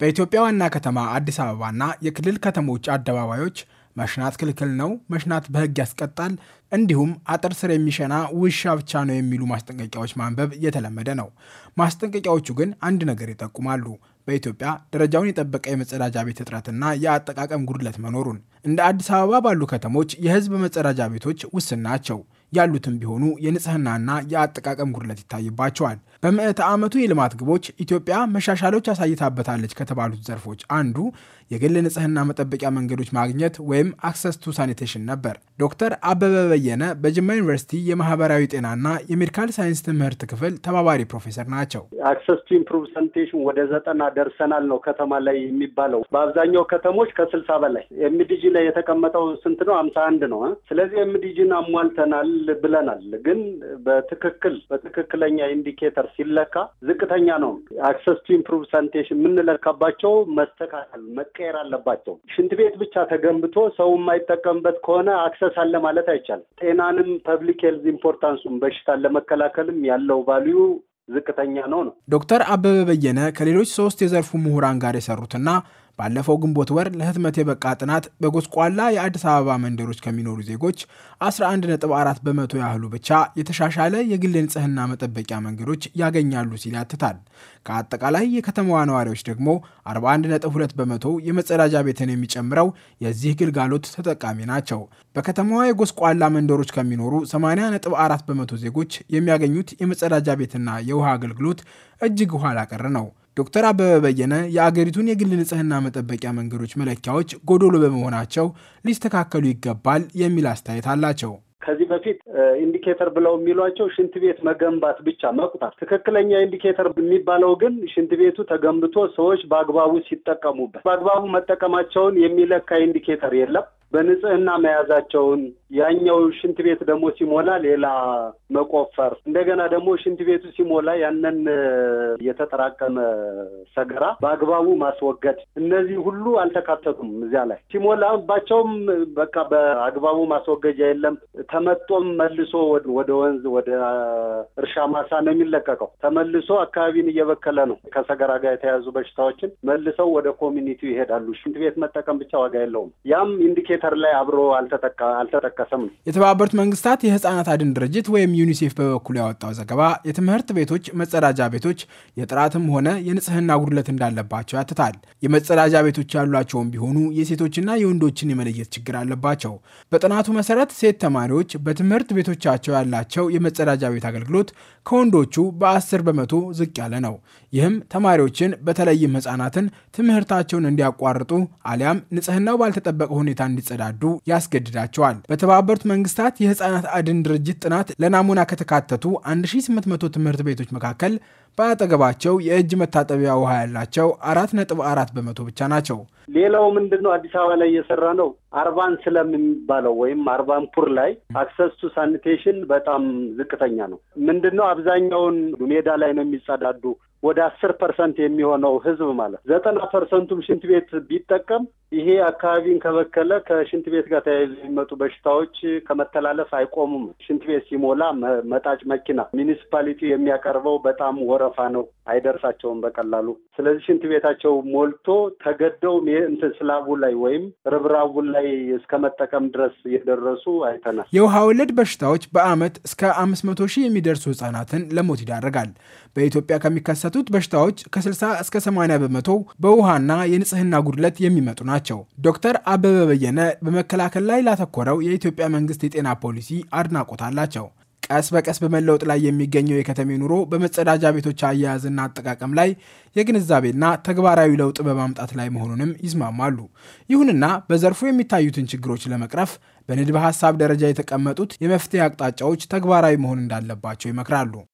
በኢትዮጵያ ዋና ከተማ አዲስ አበባና የክልል ከተሞች አደባባዮች መሽናት ክልክል ነው፣ መሽናት በሕግ ያስቀጣል፣ እንዲሁም አጥር ስር የሚሸና ውሻ ብቻ ነው የሚሉ ማስጠንቀቂያዎች ማንበብ እየተለመደ ነው። ማስጠንቀቂያዎቹ ግን አንድ ነገር ይጠቁማሉ። በኢትዮጵያ ደረጃውን የጠበቀ የመጸዳጃ ቤት እጥረትና የአጠቃቀም ጉድለት መኖሩን። እንደ አዲስ አበባ ባሉ ከተሞች የሕዝብ መጸዳጃ ቤቶች ውስን ናቸው። ያሉትም ቢሆኑ የንጽህናና የአጠቃቀም ጉድለት ይታይባቸዋል። በምዕተ ዓመቱ የልማት ግቦች ኢትዮጵያ መሻሻሎች አሳይታበታለች ከተባሉት ዘርፎች አንዱ የግል ንጽህና መጠበቂያ መንገዶች ማግኘት ወይም አክሰስ ቱ ሳኒቴሽን ነበር። ዶክተር አበበ በየነ በጅማ ዩኒቨርሲቲ የማህበራዊ ጤናና የሜዲካል ሳይንስ ትምህርት ክፍል ተባባሪ ፕሮፌሰር ናቸው። አክሰስ ቱ ኢምፕሩቭ ሳኒቴሽን ወደ ዘጠና ደርሰናል ነው ከተማ ላይ የሚባለው በአብዛኛው ከተሞች ከስልሳ በላይ ኤምዲጂ ላይ የተቀመጠው ስንት ነው? አምሳ አንድ ነው። ስለዚህ ኤምዲጂን አሟልተናል ብለናል። ግን በትክክል በትክክለኛ ኢንዲኬተር ሲለካ ዝቅተኛ ነው። አክሰስ ቱ ኢምፕሩቭ ሳኒቴሽን የምንለካባቸው መስተካከል መቀየር አለባቸው። ሽንት ቤት ብቻ ተገንብቶ ሰው የማይጠቀምበት ከሆነ አክሰስ አለ ማለት አይቻልም። ጤናንም ፐብሊክ ሄልዝ ኢምፖርታንሱን በሽታን ለመከላከልም ያለው ቫልዩ ዝቅተኛ ነው ነው ዶክተር አበበ በየነ ከሌሎች ሶስት የዘርፉ ምሁራን ጋር የሰሩትና ባለፈው ግንቦት ወር ለህትመት የበቃ ጥናት በጎስቋላ የአዲስ አበባ መንደሮች ከሚኖሩ ዜጎች 11.4 በመቶ ያህሉ ብቻ የተሻሻለ የግል ንጽህና መጠበቂያ መንገዶች ያገኛሉ ሲል ያትታል። ከአጠቃላይ የከተማዋ ነዋሪዎች ደግሞ 41.2 በመቶ የመጸዳጃ ቤትን የሚጨምረው የዚህ ግልጋሎት ተጠቃሚ ናቸው። በከተማዋ የጎስቋላ መንደሮች ከሚኖሩ 80.4 በመቶ ዜጎች የሚያገኙት የመጸዳጃ ቤትና የውሃ አገልግሎት እጅግ ኋላ ቀር ነው። ዶክተር አበበ በየነ የአገሪቱን የግል ንጽህና መጠበቂያ መንገዶች መለኪያዎች ጎዶሎ በመሆናቸው ሊስተካከሉ ይገባል የሚል አስተያየት አላቸው። ከዚህ በፊት ኢንዲኬተር ብለው የሚሏቸው ሽንት ቤት መገንባት ብቻ መቁጠር፣ ትክክለኛ ኢንዲኬተር የሚባለው ግን ሽንት ቤቱ ተገንብቶ ሰዎች በአግባቡ ሲጠቀሙበት፣ በአግባቡ መጠቀማቸውን የሚለካ ኢንዲኬተር የለም። በንጽህና መያዛቸውን ያኛው ሽንት ቤት ደግሞ ሲሞላ ሌላ መቆፈር እንደገና ደግሞ ሽንት ቤቱ ሲሞላ ያንን የተጠራቀመ ሰገራ በአግባቡ ማስወገድ እነዚህ ሁሉ አልተካተቱም። እዚያ ላይ ሲሞላባቸውም በቃ በአግባቡ ማስወገጃ የለም። ተመጦም መልሶ ወደ ወንዝ ወደ እርሻ ማሳ ነው የሚለቀቀው። ተመልሶ አካባቢን እየበከለ ነው። ከሰገራ ጋር የተያያዙ በሽታዎችን መልሰው ወደ ኮሚኒቲው ይሄዳሉ። ሽንት ቤት መጠቀም ብቻ ዋጋ የለውም። ያም ኢንዲኬ ሜትር ላይ አብሮ አልተጠቀሰም ነው። የተባበሩት መንግስታት የህፃናት አድን ድርጅት ወይም ዩኒሴፍ በበኩሉ ያወጣው ዘገባ የትምህርት ቤቶች መጸዳጃ ቤቶች የጥራትም ሆነ የንጽህና ጉድለት እንዳለባቸው ያትታል። የመጸዳጃ ቤቶች ያሏቸውም ቢሆኑ የሴቶችና የወንዶችን የመለየት ችግር አለባቸው። በጥናቱ መሰረት ሴት ተማሪዎች በትምህርት ቤቶቻቸው ያላቸው የመጸዳጃ ቤት አገልግሎት ከወንዶቹ በአስር በመቶ ዝቅ ያለ ነው። ይህም ተማሪዎችን በተለይም ህጻናትን ትምህርታቸውን እንዲያቋርጡ አሊያም ንጽህናው ባልተጠበቀ ሁኔታ እንዲ እንዲጸዳዱ ያስገድዳቸዋል። በተባበሩት መንግስታት የህፃናት አድን ድርጅት ጥናት ለናሙና ከተካተቱ 1800 ትምህርት ቤቶች መካከል በአጠገባቸው የእጅ መታጠቢያ ውሃ ያላቸው አራት ነጥብ አራት በመቶ ብቻ ናቸው። ሌላው ምንድን ነው አዲስ አበባ ላይ እየሰራ ነው አርባን ስለሚባለው ወይም አርባን ፑር ላይ አክሰስ ቱ ሳኒቴሽን በጣም ዝቅተኛ ነው። ምንድን ነው አብዛኛውን ሜዳ ላይ ነው የሚጸዳዱ ወደ አስር ፐርሰንት የሚሆነው ህዝብ ማለት ዘጠና ፐርሰንቱም ሽንት ቤት ቢጠቀም ይሄ አካባቢን ከበከለ ከሽንት ቤት ጋር ተያይዞ የሚመጡ በሽታዎች ከመተላለፍ አይቆሙም። ሽንት ቤት ሲሞላ መጣጭ መኪና፣ ሚኒስፓሊቲ የሚያቀርበው በጣም ወረፋ ነው። አይደርሳቸውም በቀላሉ። ስለዚህ ሽንት ቤታቸው ሞልቶ ተገደው እንትን ስላቡ ላይ ወይም ርብራቡ ላይ እስከ መጠቀም ድረስ የደረሱ አይተናል። የውሃ ወለድ በሽታዎች በዓመት እስከ አምስት መቶ ሺህ የሚደርሱ ህጻናትን ለሞት ይዳረጋል። በኢትዮጵያ ከሚከሰቱት በሽታዎች ከ60 እስከ 80 በመቶ በውሃና የንጽህና ጉድለት የሚመጡ ናቸው። ዶክተር አበበ በየነ በመከላከል ላይ ላተኮረው የኢትዮጵያ መንግስት የጤና ፖሊሲ አድናቆት አላቸው። ቀስ በቀስ በመለወጥ ላይ የሚገኘው የከተሜ ኑሮ በመጸዳጃ ቤቶች አያያዝና አጠቃቀም ላይ የግንዛቤና ተግባራዊ ለውጥ በማምጣት ላይ መሆኑንም ይስማማሉ። ይሁንና በዘርፉ የሚታዩትን ችግሮች ለመቅረፍ በንድፈ ሐሳብ ደረጃ የተቀመጡት የመፍትሄ አቅጣጫዎች ተግባራዊ መሆን እንዳለባቸው ይመክራሉ።